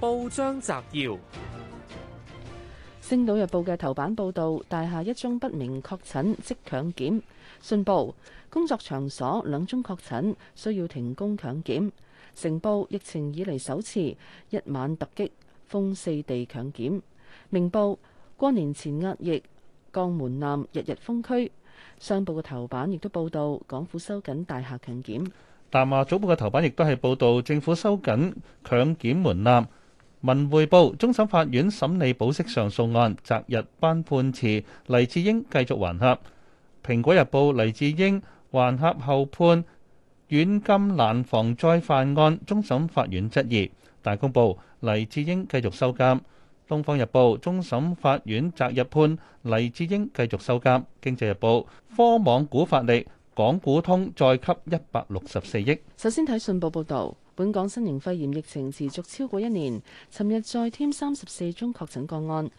報章摘要：《星島日報》嘅頭版報道大廈一宗不明確診即強檢；信報工作場所兩宗確診需要停工強檢；成報疫情以嚟首次一晚突擊封四地強檢；明報過年前壓疫，降門檻日日封區；商報嘅頭版亦都報道港府收緊大廈強檢；南華早報嘅頭版亦都係報道政府收緊強檢門檻。文匯報：終審法院審理保釋上訴案，擇日頒判詞。黎智英繼續還柙。蘋果日報：黎智英還柙候判，軟禁難防再犯案，終審法院質疑。大公報：黎智英繼續收監。東方日報：終審法院擇日判黎智英繼續收監。經濟日報：科網股發力，港股通再吸一百六十四億。首先睇信報報道。本港新型肺炎疫情持續超過一年，尋日再添三十四宗確診個案。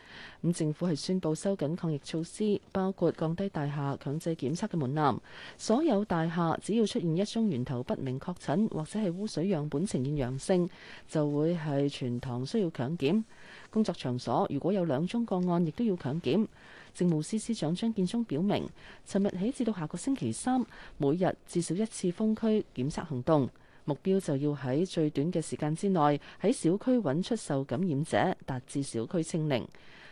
咁政府係宣布收緊抗疫措施，包括降低大廈強制檢測嘅門檻。所有大廈只要出現一宗源頭不明確診，或者係污水樣本呈現陽性，就會係全堂需要強檢。工作場所如果有兩宗個案，亦都要強檢。政務司司長張建宗表明，尋日起至到下個星期三，每日至少一次封區檢測行動。目標就要喺最短嘅時間之內喺小區揾出受感染者，達至小區清零。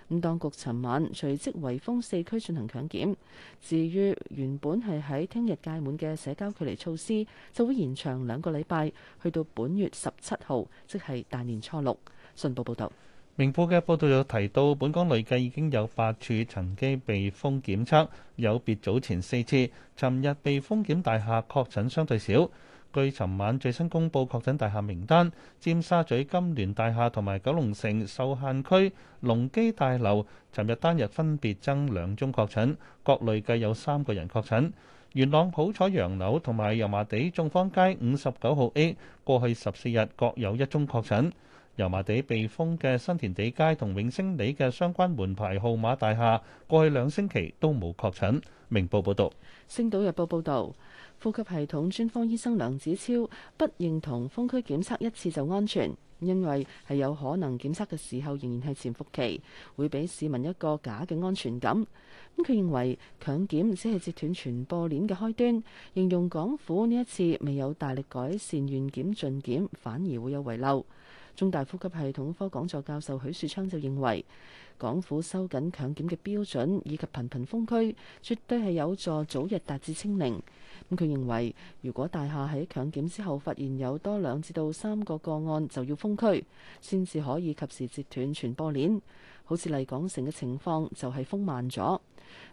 咁，當局尋晚隨即圍封四區進行強檢。至於原本係喺聽日屆滿嘅社交距離措施，就會延長兩個禮拜，去到本月十七號，即係大年初六。信報報道：明報嘅報道有提到，本港累計已經有八處曾經被封檢測，有別早前四次。尋日被封檢大廈確診相對少。據尋晚最新公布確診大廈名單，尖沙咀金聯大廈同埋九龍城受限區隆基大樓，尋日單日分別增兩宗確診，各累計有三個人確診。元朗普彩洋樓同埋油麻地眾坊街五十九號 A，過去十四日各有一宗確診。油麻地被封嘅新填地街同永星里嘅相關門牌號碼大廈，過去兩星期都冇確診。明報報導，《星島日報》報導，呼吸系統專科醫生梁子超不認同封區檢測一次就安全，因為係有可能檢測嘅時候仍然係潛伏期，會俾市民一個假嘅安全感。咁佢認為強檢即係截斷傳播鏈嘅開端，形容港府呢一次未有大力改善，願檢盡檢反而會有遺漏。中大呼吸系統科講座教授許樹昌就認為港府收緊強檢嘅標準以及頻頻封區絕對係有助早日達至清零。咁佢認為如果大廈喺強檢之後發現有多兩至到三個個案，就要封區先至可以及時截斷傳播鏈，好似麗港城嘅情況就係封慢咗。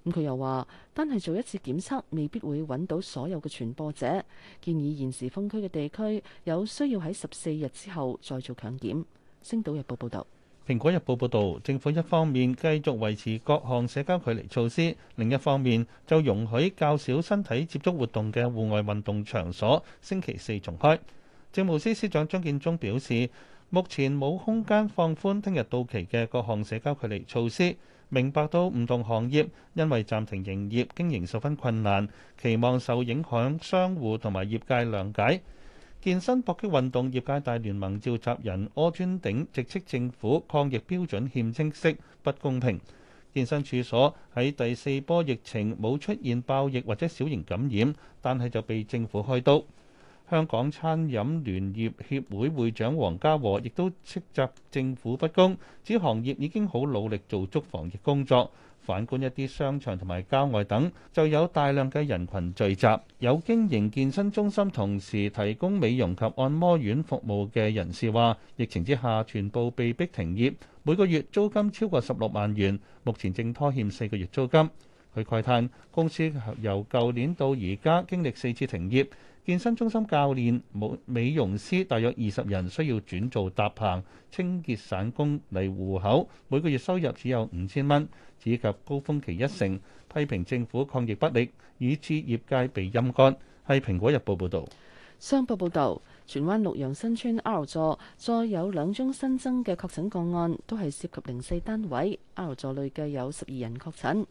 咁佢又話，單係做一次檢測未必會揾到所有嘅傳播者，建議現時封區嘅地區有需要喺十四日之後再做強檢。星島日報報道，蘋果日報報道，政府一方面繼續維持各項社交距離措施，另一方面就容許較少身體接觸活動嘅戶外運動場所星期四重開。政務司司長張建宗表示，目前冇空間放寬聽日到期嘅各項社交距離措施。明白到唔同行業因為暫停營業經營十分困難，期望受影響商戶同埋業界諒解。健身搏擊運動業界大聯盟召集人柯尊鼎直斥政府抗疫標準欠清晰、不公平。健身處所喺第四波疫情冇出現爆疫或者小型感染，但係就被政府開刀。香港餐飲聯業協會會長黃家和亦都斥責政府不公，指行業已經好努力做足防疫工作。反觀一啲商場同埋郊外等，就有大量嘅人群聚集。有經營健身中心，同時提供美容及按摩院服務嘅人士話，疫情之下全部被逼停業，每個月租金超過十六萬元，目前正拖欠四個月租金。佢慨嘆公司由舊年到而家經歷四次停業。健身中心教練冇美容師，大約二十人需要轉做搭棚、清潔散工嚟糊口，每個月收入只有五千蚊，只及高峰期一成。批評政府抗疫不力，以致業界被陰乾。係《蘋果日報》報導。商報報導，荃灣綠楊新邨 L 座再有兩宗新增嘅確診個案，都係涉及零四單位。L 座累計有十二人確診。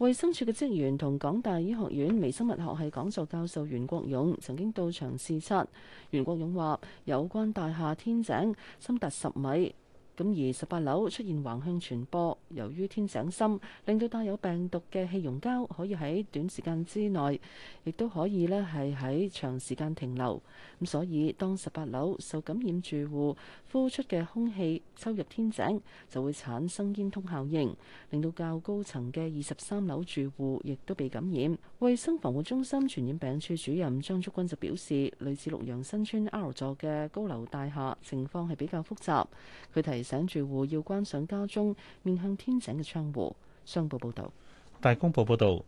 衛生署嘅職員同港大醫學院微生物學系講座教授袁國勇曾經到場視察。袁國勇話：有關大廈天井深達十米。咁而十八樓出現橫向傳播，由於天井深，令到帶有病毒嘅氣溶膠可以喺短時間之內，亦都可以咧係喺長時間停留。咁所以當十八樓受感染住戶呼出嘅空氣抽入天井，就會產生煙通效應，令到較高層嘅二十三樓住戶亦都被感染。衞生防護中心傳染病處主任張竹君就表示，類似綠楊新村 R 座嘅高樓大廈情況係比較複雜。佢提。請住戶要關上家中面向天井嘅窗戶。商報報道，大公報報道，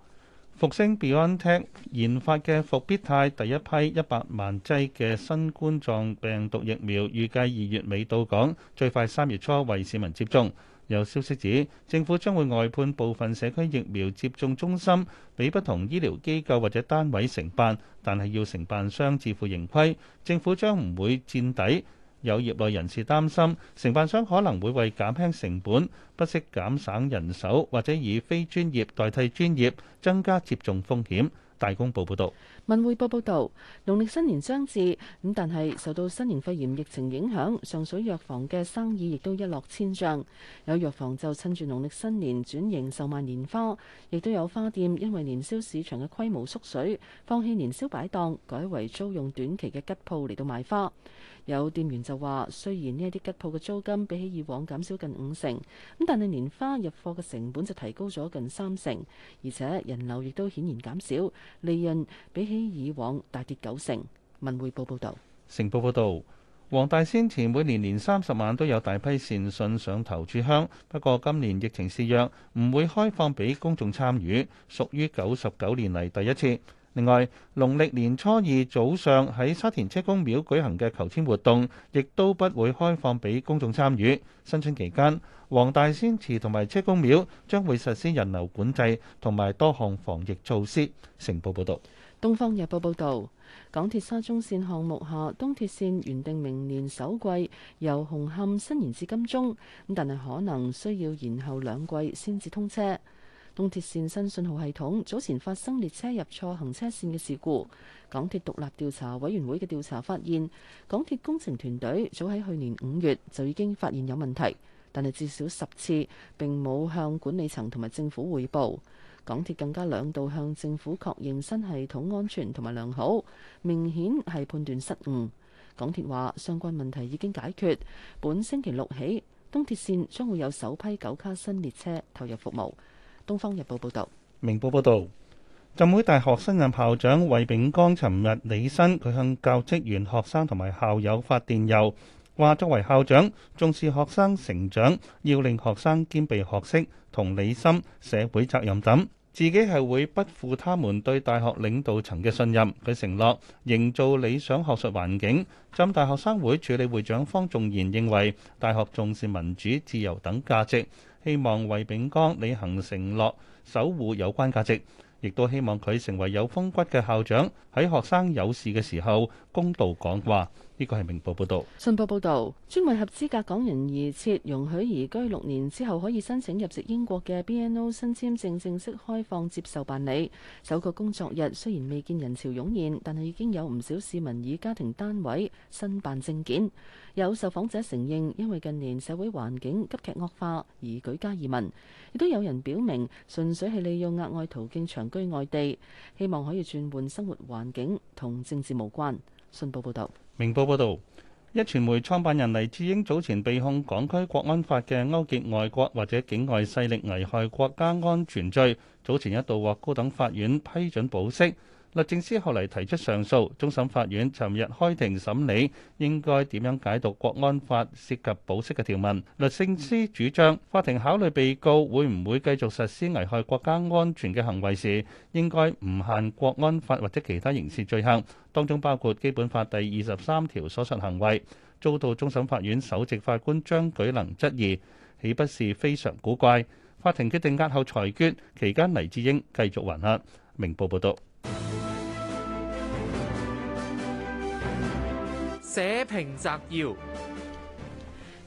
復星 BioNTech 研發嘅復必泰第一批一百萬劑嘅新冠狀病毒疫苗，預計二月尾到港，最快三月初為市民接種。有消息指，政府將會外判部分社區疫苗接種中心俾不同醫療機構或者單位承辦，但係要承辦商自負盈虧，政府將唔會墊底。有業內人士擔心，承辦商可能會為減輕成本，不惜減省人手，或者以非專業代替專業，增加接種風險。大公報報道。文匯報報道，農曆新年將至，咁但係受到新型肺炎疫情影響，上水藥房嘅生意亦都一落千丈。有藥房就趁住農曆新年轉型售賣年花，亦都有花店因為年宵市場嘅規模縮水，放棄年宵擺檔，改為租用短期嘅吉鋪嚟到賣花。有店員就話：雖然呢一啲吉鋪嘅租金比起以往減少近五成，咁但係年花入貨嘅成本就提高咗近三成，而且人流亦都顯然減少，利潤比起以往大跌九成。文匯報報道。「成報報道，黃大仙前每年年三十晚都有大批善信上頭炷香，不過今年疫情肆虐，唔會開放俾公眾參與，屬於九十九年嚟第一次。另外，農曆年初二早上喺沙田車公廟舉行嘅求籤活動，亦都不會開放俾公眾參與。新春期間，黃大仙祠同埋車公廟將會實施人流管制同埋多項防疫措施。成報報導，《東方日報》報道：「港鐵沙中線項目下，東鐵線原定明年首季由紅磡伸延至金鐘，咁但係可能需要延後兩季先至通車。」東鐵線新信號系統早前發生列車入錯行車線嘅事故，港鐵獨立調查委員會嘅調查發現，港鐵工程團隊早喺去年五月就已經發現有問題，但係至少十次並冇向管理層同埋政府匯報。港鐵更加兩度向政府確認新系統安全同埋良好，明顯係判斷失誤。港鐵話相關問題已經解決，本星期六起東鐵線將會有首批九卡新列車投入服務。《東方日報》報導，《明報》報導，浸會大學新任校長衛炳江尋日履新，佢向教職員、學生同埋校友發電郵，話作為校長，重視學生成長，要令學生兼備學識同理心、社會責任感等。自己係會不負他們對大學領導層嘅信任，佢承諾營造理想學術環境。浸大學生會處理會長方仲賢認為，大學重視民主、自由等價值，希望衞炳江履行承諾，守護有關價值，亦都希望佢成為有風骨嘅校長，喺學生有事嘅時候。公道講話，呢個係明報報導。信報報導，專為合資格港人而設，容許移居六年之後可以申請入籍英國嘅 BNO 新簽證正式開放接受辦理。首個工作日雖然未見人潮湧現，但係已經有唔少市民以家庭單位申辦證件。有受訪者承認，因為近年社會環境急劇惡化而舉家移民，亦都有人表明純粹係利用額外途徑長居外地，希望可以轉換生活環境，同政治無關。信報報道：明報報道，壹傳媒創辦人黎智英早前被控港區國安法嘅勾結外國或者境外勢力危害國家安全罪，早前一度獲高等法院批准保釋。律政司後嚟提出上訴，終審法院尋日開庭審理，應該點樣解讀《國安法》涉及保釋嘅條文？律政司主張法庭考慮被告會唔會繼續實施危害國家安全嘅行為時，應該唔限《國安法》或者其他刑事罪行，當中包括《基本法》第二十三條所述行為。遭到終審法院首席法官張舉能質疑，豈不是非常古怪？法庭決定押後裁決，期間黎智英繼續還押。明報報道。社評摘要：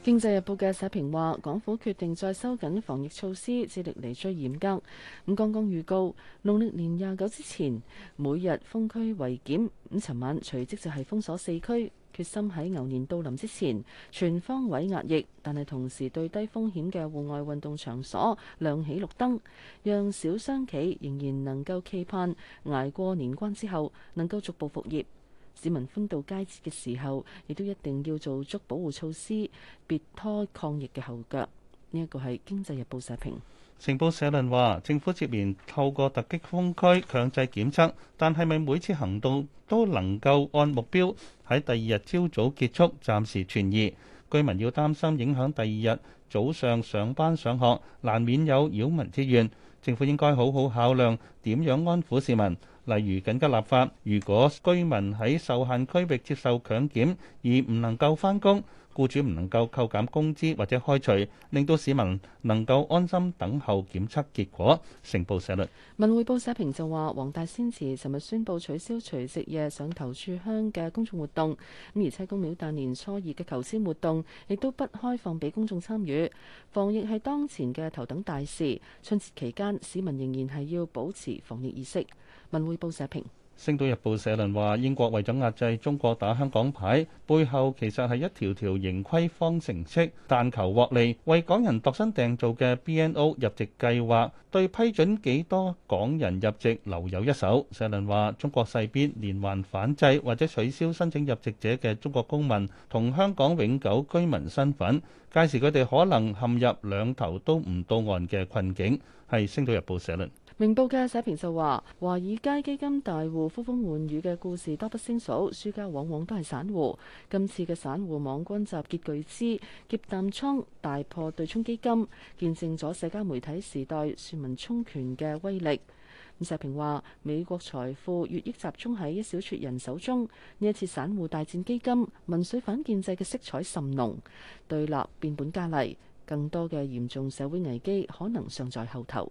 經濟日報嘅社評話，港府決定再收緊防疫措施，至歷嚟最嚴格。咁剛剛預告，農曆年廿九之前，每日封區維檢。咁尋晚隨即就係封鎖四區，決心喺牛年到臨之前全方位壓抑，但係同時對低風險嘅戶外運動場所亮起綠燈，讓小商企仍然能夠期盼捱過年關之後，能夠逐步復業。市民歡度佳節嘅時候，亦都一定要做足保護措施，別拖抗疫嘅後腳。呢一個係《經濟日報》社評。《城報》社論話：政府接連透過突擊封區、強制檢測，但係咪每次行動都能夠按目標喺第二日朝早結束，暫時存疑。居民要擔心影響第二日早上上班、上學，難免有擾民之怨。政府應該好好考量點樣安撫市民。例如緊急立法，如果居民喺受限區域接受強檢而唔能夠翻工，雇主唔能夠扣減工資或者開除，令到市民能夠安心等候檢測結果。成報社論、文匯報社評就話：黃大仙祠尋日宣布取消除夕夜上頭柱香嘅公眾活動，咁而車公廟大年初二嘅求籤活動亦都不開放俾公眾參與。防疫係當前嘅頭等大事，春節期間市民仍然係要保持防疫意識。文匯報社評，《星島日報》社論話：英國為咗壓制中國打香港牌，背後其實係一條條盈虧方程式，但求獲利。為港人度身訂造嘅 BNO 入籍計劃，對批准幾多港人入籍留有一手。社論話：中國勢必連環反制，或者取消申請入籍者嘅中國公民同香港永久居民身份。屆時佢哋可能陷入兩頭都唔到岸嘅困境。係《星島日報》社論。明報嘅社評就話：華爾街基金大戶呼風喚雨嘅故事多不勝數，輸家往往都係散戶。今次嘅散戶網軍集結巨資，劫淡倉大破對沖基金，見證咗社交媒體時代全民充權嘅威力。咁社評話：美國財富越益集中喺一小撮人手中，呢一次散戶大戰基金，民粹反建制嘅色彩甚濃，對立變本加厲，更多嘅嚴重社會危機可能尚在後頭。